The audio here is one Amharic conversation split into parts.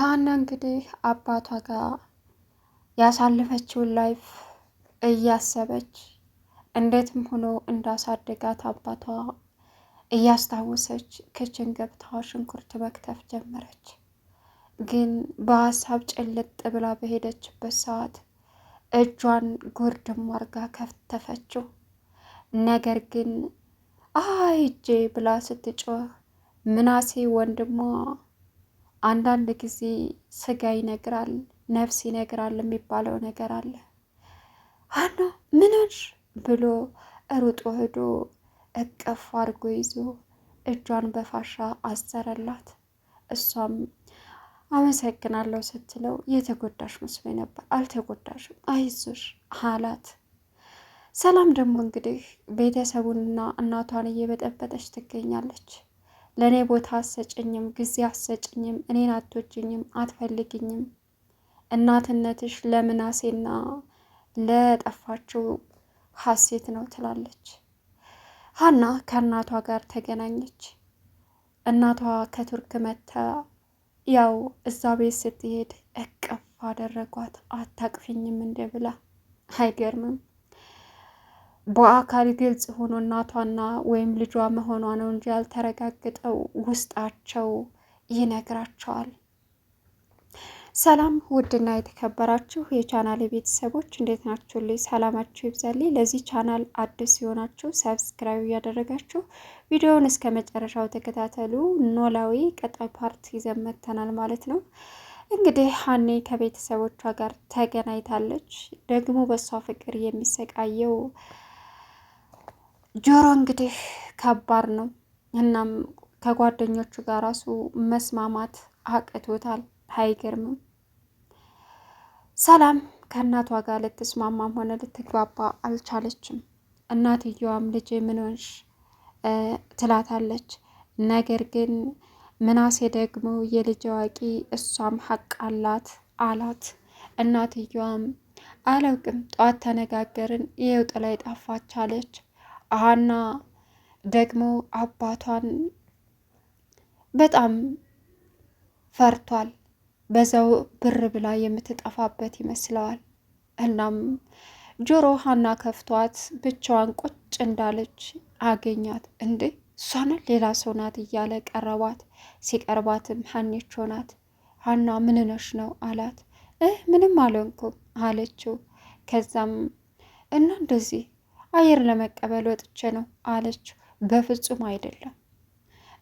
ሀና እንግዲህ አባቷ ጋር ያሳለፈችውን ላይፍ እያሰበች እንዴትም ሆኖ እንዳሳደጋት አባቷ እያስታወሰች ክችን ገብታ ሽንኩርት መክተፍ ጀመረች። ግን በሀሳብ ጭልጥ ብላ በሄደችበት ሰዓት እጇን ጎርድም አርጋ ከፍተፈችው። ነገር ግን አይ እጄ ብላ ስትጮህ ምናሴ ወንድሟ አንዳንድ ጊዜ ስጋ ይነግራል፣ ነፍስ ይነግራል የሚባለው ነገር አለ። ሀና ምን ሆንሽ ብሎ ሩጦ ሄዶ እቀፉ አድርጎ ይዞ እጇን በፋሻ አሰረላት። እሷም አመሰግናለሁ ስትለው የተጎዳሽ መስሎ ነበር። አልተጎዳሽም፣ አይዞሽ አላት። ሰላም ደግሞ እንግዲህ ቤተሰቡንና እናቷን እየበጠበጠች ትገኛለች። ለእኔ ቦታ አሰጭኝም፣ ጊዜ አሰጭኝም፣ እኔን አትወጂኝም፣ አትፈልግኝም። እናትነትሽ ለምናሴና ለጠፋችው ሀሴት ነው ትላለች ሀና። ከእናቷ ጋር ተገናኘች። እናቷ ከቱርክ መታ ያው እዛ ቤት ስትሄድ እቅፍ አደረጓት። አታቅፊኝም እንደ ብላ አይገርምም። በአካል ግልጽ ሆኖ እናቷና ወይም ልጇ መሆኗ ነው እንጂ ያልተረጋግጠው ውስጣቸው ይነግራቸዋል። ሰላም ውድና የተከበራችሁ የቻናል ቤተሰቦች እንዴት ናችሁ? ልይ ሰላማችሁ ይብዛልኝ። ለዚህ ቻናል አዲስ ሲሆናችሁ ሰብስክራይብ እያደረጋችሁ ቪዲዮውን እስከ መጨረሻው ተከታተሉ። ኖላዊ ቀጣይ ፓርት ይዘን መጥተናል ማለት ነው። እንግዲህ ሀኔ ከቤተሰቦቿ ጋር ተገናኝታለች። ደግሞ በእሷ ፍቅር የሚሰቃየው ጆሮ እንግዲህ ከባድ ነው። እናም ከጓደኞቹ ጋር ራሱ መስማማት አቅቶታል። አይገርምም። ሰላም ከእናቷ ጋር ልትስማማም ሆነ ልትግባባ አልቻለችም። እናትየዋም ልጄ ምን ሆንሽ ትላታለች። ነገር ግን ምናሴ ደግሞ የልጅ አዋቂ እሷም ሀቅ አላት አላት። እናትየዋም አላውቅም፣ ጠዋት ተነጋገርን፣ ይኸው ጥላይ ጠፋች አለች። ሀና ደግሞ አባቷን በጣም ፈርቷል። በዛው ብር ብላ የምትጠፋበት ይመስለዋል። እናም ጆሮ ሀና ከፍቷት ብቻዋን ቁጭ እንዳለች አገኛት። እንዴ እሷን ሌላ ሰው ናት እያለ ቀረባት። ሲቀርባትም ሀኔቾ ናት። ሀና ምንነሽ ነው አላት። እህ ምንም አልሆንኩም አለችው። ከዛም እና እንደዚህ አየር ለመቀበል ወጥቼ ነው አለችው። በፍጹም አይደለም፣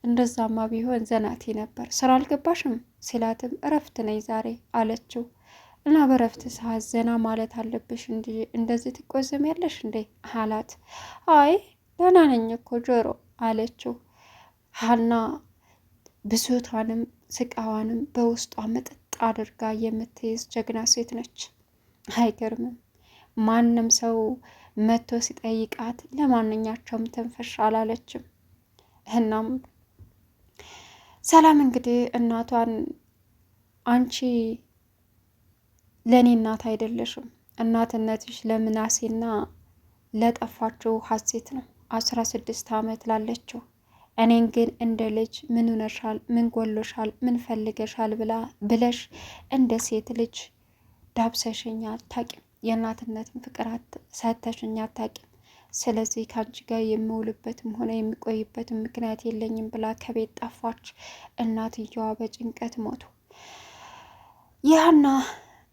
እንደዛማ ቢሆን ዘናቲ ነበር። ስራ አልገባሽም ሲላትም እረፍት ነኝ ዛሬ አለችው። እና በረፍት ሰዓት ዘና ማለት አለብሽ እንዲ እንደዚህ ትቆዘም ያለሽ እንዴ አላት። አይ ደህና ነኝ እኮ ጆሮ አለችው። ሀና ብሶቷንም ስቃዋንም በውስጧ መጠጥ አድርጋ የምትይዝ ጀግና ሴት ነች። አይገርምም ማንም ሰው መጥቶ ሲጠይቃት ለማንኛቸውም ትንፍሽ አላለችም። እናም ሰላም እንግዲህ እናቷን አንቺ ለእኔ እናት አይደለሽም፣ እናትነትሽ ለምናሴና ለጠፋችው ሀሴት ነው አስራ ስድስት ዓመት ላለችው እኔን ግን እንደ ልጅ ምን ሆነሻል? ምን ጎሎሻል? ምን ፈልገሻል? ብላ ብለሽ እንደ ሴት ልጅ ዳብሰሽኛ አታቂም። የእናትነትን ፍቅር ሰተሽኝ አታውቂም። ስለዚህ ከአንቺ ጋር የምውልበትም ሆነ የሚቆይበትም ምክንያት የለኝም ብላ ከቤት ጠፋች። እናትየዋ በጭንቀት ሞቱ። ያና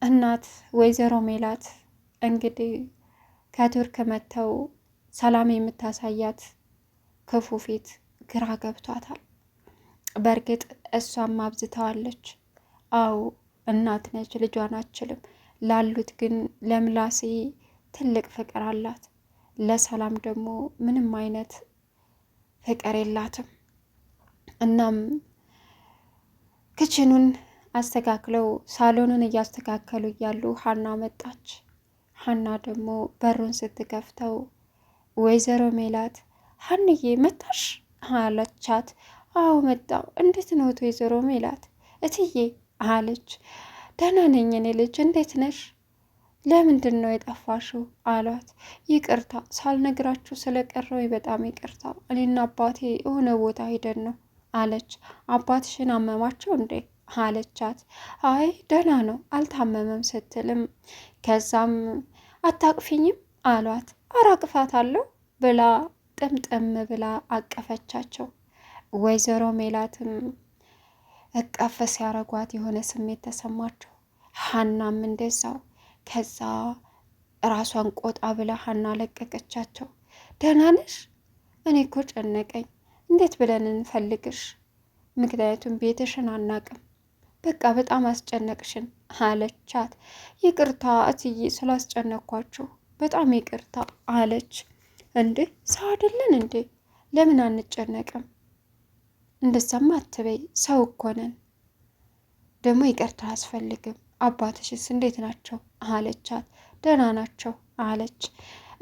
እናት ወይዘሮ ሜላት እንግዲህ ከቱርክ መጥተው ሰላም የምታሳያት ክፉ ፊት ግራ ገብቷታል። በእርግጥ እሷም አብዝተዋለች። አዎ እናት ነች፣ ልጇን አችልም ላሉት ግን ለምላሴ ትልቅ ፍቅር አላት። ለሰላም ደግሞ ምንም አይነት ፍቅር የላትም። እናም ክችኑን አስተካክለው ሳሎኑን እያስተካከሉ እያሉ ሀና መጣች። ሀና ደግሞ በሩን ስትከፍተው ወይዘሮ ሜላት ሀንዬ መጣሽ አለቻት። አዎ መጣው። እንዴት ነት ወይዘሮ ሜላት እትዬ አለች። ደህና ነኝ እኔ ልጅ፣ እንዴት ነሽ? ለምንድን ነው የጠፋሽው? አሏት። ይቅርታ ሳልነግራችሁ ስለቀረው በጣም ይቅርታ፣ እኔና አባቴ የሆነ ቦታ ሄደን ነው አለች። አባትሽን አመማቸው እንዴ? አለቻት። አይ ደህና ነው አልታመመም ስትልም ከዛም አታቅፊኝም አሏት። አራቅፋት አለው ብላ ጥምጥም ብላ አቀፈቻቸው። ወይዘሮ ሜላትም እቀፍ ሲያረጓት የሆነ ስሜት ተሰማቸው። ሀናም እንደዛው። ከዛ ራሷን ቆጣ ብላ ሀና ለቀቀቻቸው። ደህና ነሽ? እኔ እኮ ጨነቀኝ። እንዴት ብለን እንፈልግሽ? ምክንያቱም ቤትሽን አናቅም። በቃ በጣም አስጨነቅሽን አለቻት። ይቅርታ እትዬ ስላስጨነኳችሁ በጣም ይቅርታ አለች። እንዴ ሰው አይደለን እንዴ? ለምን አንጨነቅም? እንደዛማ አትበይ፣ ሰው እኮ ነን። ደግሞ ይቅርታ አያስፈልግም። አባትሽስ እንዴት ናቸው አለቻት። ደህና ናቸው አለች።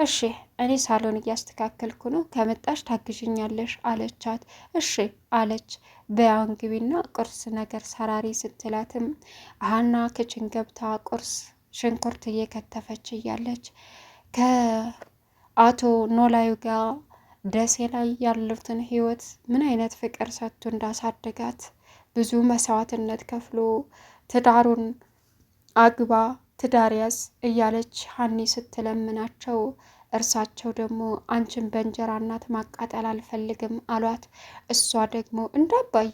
እሺ እኔ ሳሎን እያስተካከልኩ ነው፣ ከመጣሽ ታግዥኛለሽ አለቻት። እሺ አለች። በያን ግቢና ቁርስ ነገር ሰራሪ ስትላትም ሀና ክችን ገብታ ቁርስ ሽንኩርት እየከተፈች እያለች ከአቶ ኖላዩ ጋር ደሴ ላይ ያሉትን ህይወት ምን አይነት ፍቅር ሰጥቶ እንዳሳደጋት ብዙ መስዋዕትነት ከፍሎ ትዳሩን አግባ ትዳር ያዝ እያለች ሀኒ ስትለምናቸው እርሳቸው ደግሞ አንቺን በእንጀራ እናት ማቃጠል አልፈልግም አሏት። እሷ ደግሞ እንዳባየ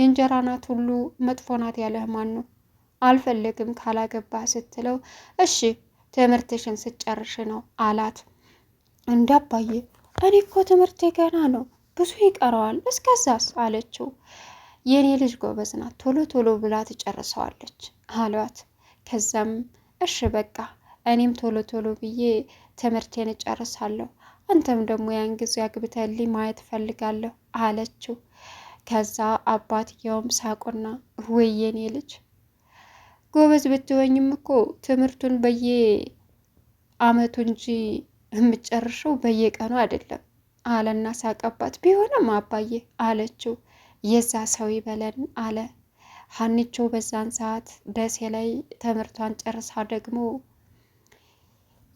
የእንጀራ እናት ሁሉ መጥፎ ናት ያለህ ማን ነው? አልፈልግም ካላገባ ስትለው እሺ ትምህርትሽን ስጨርሽ ነው አላት። እንዳባየ እኔ እኮ ትምህርቴ ገና ነው፣ ብዙ ይቀረዋል፣ እስከዛስ አለችው። የእኔ ልጅ ጎበዝ ናት፣ ቶሎ ቶሎ ብላ ትጨርሰዋለች አሏት። ከዛም እሺ በቃ እኔም ቶሎ ቶሎ ብዬ ትምህርቴን እጨርሳለሁ፣ አንተም ደግሞ ያን ጊዜ አግብተልኝ ማየት ፈልጋለሁ አለችው። ከዛ አባትየውም ሳቁና ወይ የኔ ልጅ ጎበዝ ብትወኝም እኮ ትምህርቱን በየ አመቱ እንጂ የምትጨርሸው በየቀኑ አይደለም አለና ሳቀባት። ቢሆንም አባዬ አለችው። የዛ ሰው ይበለን አለ ሀኒቾ። በዛን ሰዓት ደሴ ላይ ትምህርቷን ጨርሳ ደግሞ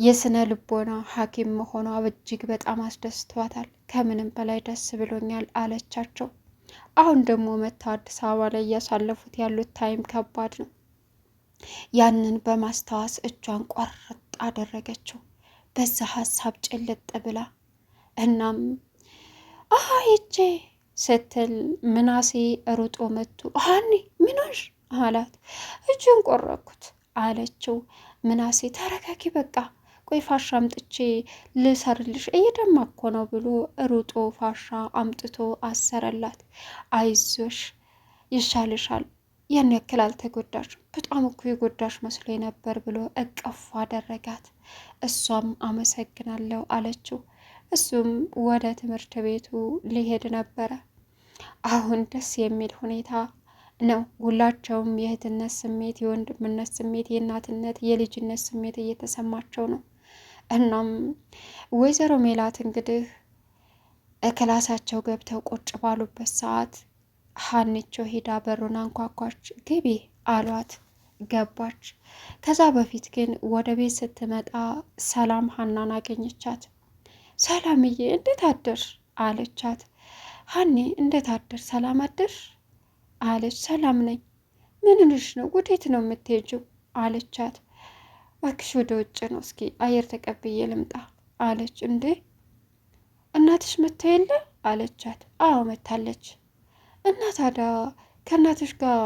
የስነ ልቦና ሐኪም መሆኗ እጅግ በጣም አስደስቷታል። ከምንም በላይ ደስ ብሎኛል አለቻቸው። አሁን ደግሞ መታ አዲስ አበባ ላይ እያሳለፉት ያሉት ታይም ከባድ ነው። ያንን በማስታወስ እጇን ቆርጥ አደረገችው። በዛ ሀሳብ ጭልጥ ብላ እናም አሃይቼ ስትል ምናሴ ሩጦ መቱ። ሀኒ ምኖሽ አላት። እጅን ቆረኩት አለችው። ምናሴ ተረጋጊ፣ በቃ ቆይ ፋሻ አምጥቼ ልሰርልሽ፣ እየደማ እኮ ነው ብሎ ሩጦ ፋሻ አምጥቶ አሰረላት። አይዞሽ ይሻልሻል ያን ያክል አልተጎዳሽ፣ በጣም እኮ የጎዳሽ መስሎ ነበር ብሎ እቅፍ አደረጋት። እሷም አመሰግናለሁ አለችው። እሱም ወደ ትምህርት ቤቱ ሊሄድ ነበረ። አሁን ደስ የሚል ሁኔታ ነው። ሁላቸውም የእህትነት ስሜት፣ የወንድምነት ስሜት፣ የእናትነት፣ የልጅነት ስሜት እየተሰማቸው ነው። እናም ወይዘሮ ሜላት እንግዲህ ክላሳቸው ገብተው ቁጭ ባሉበት ሰዓት ሀኒቾ ሄዳ በሩን አንኳኳች። ግቢ አሏት። ገባች። ከዛ በፊት ግን ወደ ቤት ስትመጣ ሰላም ሀናን አገኘቻት። ሰላምዬ እንዴት አደር አለቻት። ሀኒ እንዴት አድር ሰላም አደር አለች። ሰላም ነኝ። ምንንሽ ነው? ወዴት ነው የምትሄጂው? አለቻት። እባክሽ ወደ ውጭ ነው፣ እስኪ አየር ተቀብዬ ልምጣ አለች። እንዴ እናትሽ መታ የለ አለቻት። አዎ መታለች እና ታዲያ ከእናትሽ ጋር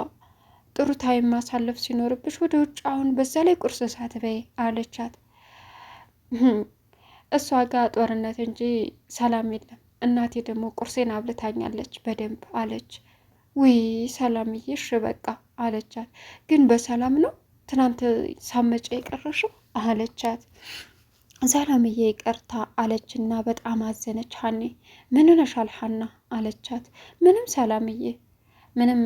ጥሩ ታይም ማሳለፍ ሲኖርብሽ ወደ ውጭ አሁን በዛ ላይ ቁርስ ሳትበይ አለቻት። እሷ ጋር ጦርነት እንጂ ሰላም የለም። እናቴ ደግሞ ቁርሴን አብልታኛለች በደንብ አለች። ውይ ሰላምዬ፣ እሺ በቃ አለቻት። ግን በሰላም ነው ትናንት ሳመጫ የቀረሽው አለቻት። ሰላምዬ፣ ይቅርታ አለችና በጣም አዘነች። ሀኔ ምን ሆነሻል ሀና አለቻት። ምንም ሰላምዬ፣ ምንም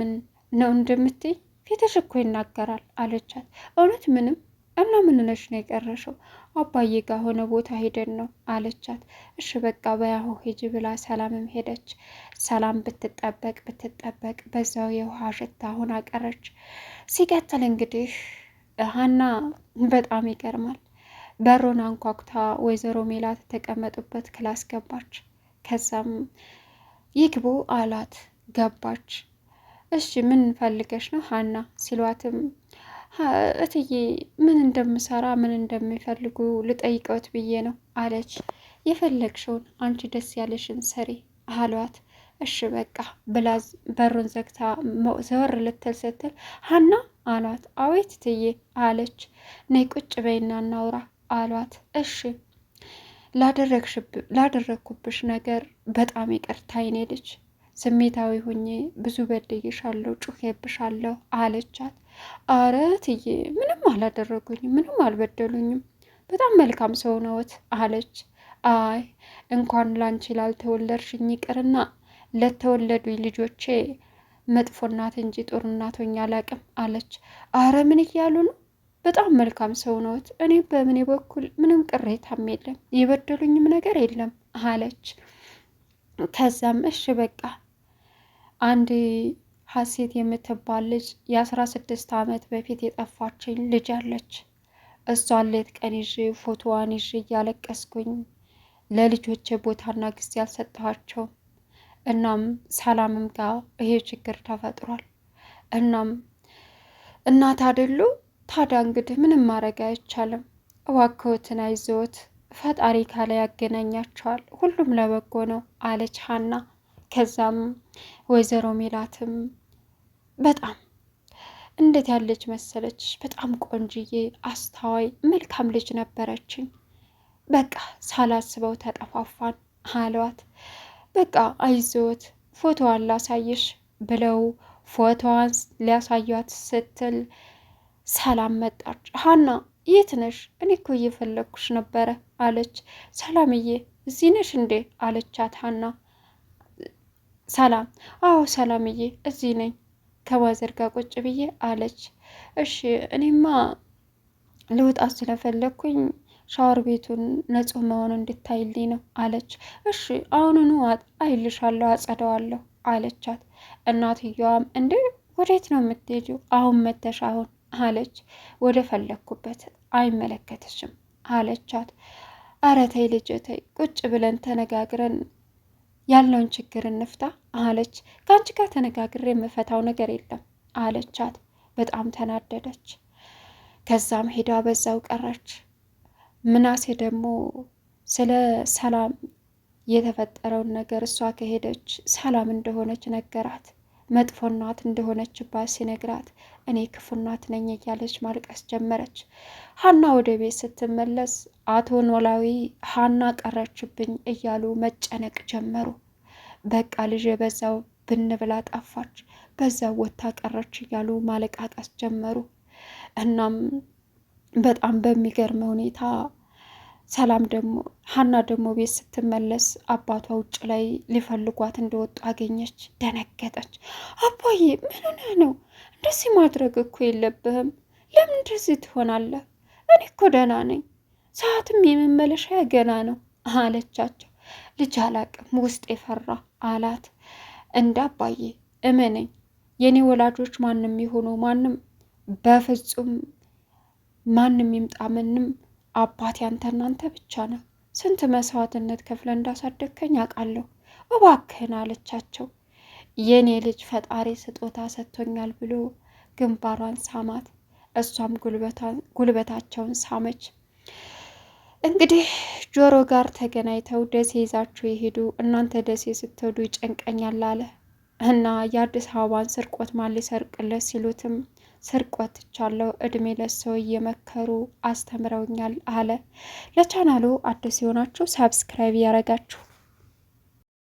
ነው እንደምትይ ፊትሽ እኮ ይናገራል አለቻት። እውነት ምንም እና ምን ነሽ ነው የቀረሽው? አባዬ ጋር ሆነ ቦታ ሄደን ነው አለቻት። እሺ በቃ በያሁ ሂጂ ብላ ሰላምም ሄደች። ሰላም ብትጠበቅ ብትጠበቅ በዛው የውሃ ሽታ አሁን አቀረች። ሲቀጥል እንግዲህ ሀና በጣም ይገርማል። በሮን አንኳኩታ ወይዘሮ ሜላት የተቀመጡበት ክላስ ገባች። ከዛም ይግቡ አሏት ገባች። እሺ ምን ፈልገሽ ነው ሀና ሲሏትም እትዬ ምን እንደምሰራ ምን እንደሚፈልጉ ልጠይቀውት ብዬ ነው አለች። የፈለግሽውን አንቺ ደስ ያለሽን ሰሪ አሏት። እሺ በቃ ብላ በሩን ዘግታ ዘወር ልትል ስትል ሀና አሏት። አቤት እትዬ አለች። ነይ ቁጭ በይና እናውራ አሏት። እሺ ላደረግኩብሽ ነገር በጣም ይቅርታ የኔ ልጅ፣ ስሜታዊ ሁኜ ብዙ በድዬሻለሁ፣ ጩኸብሻለሁ አለቻት። አረ ትዬ ምንም አላደረጉኝም፣ ምንም አልበደሉኝም፣ በጣም መልካም ሰው ነዎት አለች። አይ እንኳን ላንቺ ላልተወለድሽኝ ይቅርና ለተወለዱ ልጆቼ መጥፎ እናት እንጂ ጥሩ እናት ሆኜ አላቅም አለች። አረ ምን እያሉ ነው በጣም መልካም ሰው ነዎት። እኔ በምኔ በኩል ምንም ቅሬታም የለም የበደሉኝም ነገር የለም አለች። ከዛም እሽ በቃ አንድ ሀሴት የምትባል ልጅ የአስራ ስድስት አመት በፊት የጠፋችኝ ልጅ አለች። እሷን ሌት ቀን ይዤ ፎቶዋን ይዤ እያለቀስኩኝ ለልጆቼ ቦታና ጊዜ አልሰጠኋቸውም። እናም ሰላምም ጋር ይሄ ችግር ተፈጥሯል። እናም እናት አደሉ ታዲያ እንግዲህ ምንም ማድረግ አይቻልም። እባክዎትን አይዞት፣ ፈጣሪ ካለ ያገናኛቸዋል፣ ሁሉም ለበጎ ነው አለች ሀና። ከዛም ወይዘሮ ሜላትም በጣም እንዴት ያለች መሰለች! በጣም ቆንጅዬ፣ አስተዋይ፣ መልካም ልጅ ነበረችኝ። በቃ ሳላስበው ተጠፋፋን አሏት። በቃ አይዞት፣ ፎቶዋን ላሳይሽ ብለው ፎቶዋን ሊያሳያት ስትል ሰላም መጣች። ሀና የት ነሽ? እኔ እኮ እየፈለግኩሽ ነበረ አለች። ሰላምዬ እዚህ ነሽ እንዴ? አለቻት ሀና። ሰላም አዎ ሰላምዬ እዚህ ነኝ ከማዘር ጋር ቁጭ ብዬ አለች። እሺ እኔማ ልውጣ ስለፈለግኩኝ ሻወር ቤቱን ንጹህ መሆኑ እንድታይልኝ ነው አለች። እሺ አሁኑኑ አይልሻለሁ፣ አጸደዋለሁ አለቻት። እናትየዋም እንዴ ወዴት ነው የምትሄጂው? አሁን መተሽ አሁን አለች። ወደ ፈለግኩበት አይመለከትሽም አለቻት። አረ ተይ ልጄ ተይ፣ ቁጭ ብለን ተነጋግረን ያለውን ችግር እንፍታ አለች። ከአንቺ ጋር ተነጋግሬ የምፈታው ነገር የለም አለቻት። በጣም ተናደደች። ከዛም ሄዳ በዛው ቀረች። ምናሴ ደግሞ ስለ ሰላም የተፈጠረውን ነገር እሷ ከሄደች ሰላም እንደሆነች ነገራት። መጥፎ እናት እንደሆነችባት ሲነግራት እኔ ክፉ እናት ነኝ እያለች ማልቀስ ጀመረች። ሀና ወደ ቤት ስትመለስ አቶ ኖላዊ ሀና ቀረችብኝ እያሉ መጨነቅ ጀመሩ። በቃ ልጅ በዛው ብንብላ ጠፋች፣ በዛው ወታ ቀረች እያሉ ማለቃቀስ ጀመሩ። እናም በጣም በሚገርም ሁኔታ ሰላም ደግሞ ሀና ደግሞ ቤት ስትመለስ አባቷ ውጭ ላይ ሊፈልጓት እንደወጡ አገኘች። ደነገጠች። አባዬ ምን ሆነህ ነው? እንደዚህ ማድረግ እኮ የለብህም። ለምን እንደዚህ ትሆናለህ? እኔ እኮ ደህና ነኝ። ሰዓትም የመመለሻ ገና ነው አለቻቸው። ልጅ አላቅም ውስጥ የፈራ አላት። እንደ አባዬ እመነኝ፣ የእኔ ወላጆች ማንም የሆነው ማንም በፍጹም ማንም ይምጣ ምንም አባት ያንተ እናንተ ብቻ ነው። ስንት መስዋዕትነት ከፍለ እንዳሳደግከኝ አውቃለሁ። እባክህን አለቻቸው። የእኔ ልጅ ፈጣሪ ስጦታ ሰጥቶኛል ብሎ ግንባሯን ሳማት። እሷም ጉልበታቸውን ሳመች። እንግዲህ ጆሮ ጋር ተገናኝተው ደሴ ይዛችሁ የሄዱ እናንተ ደሴ ስትሄዱ ይጨንቀኛል አለ እና የአዲስ አበባን ስርቆት ማን ሊሰርቅለት ሲሉትም ስርቆትቻለሁ እድሜ ለሰው እየመከሩ አስተምረውኛል አለ። ለቻናሉ አዲስ የሆናችሁ ሰብስክራይብ ያረጋችሁ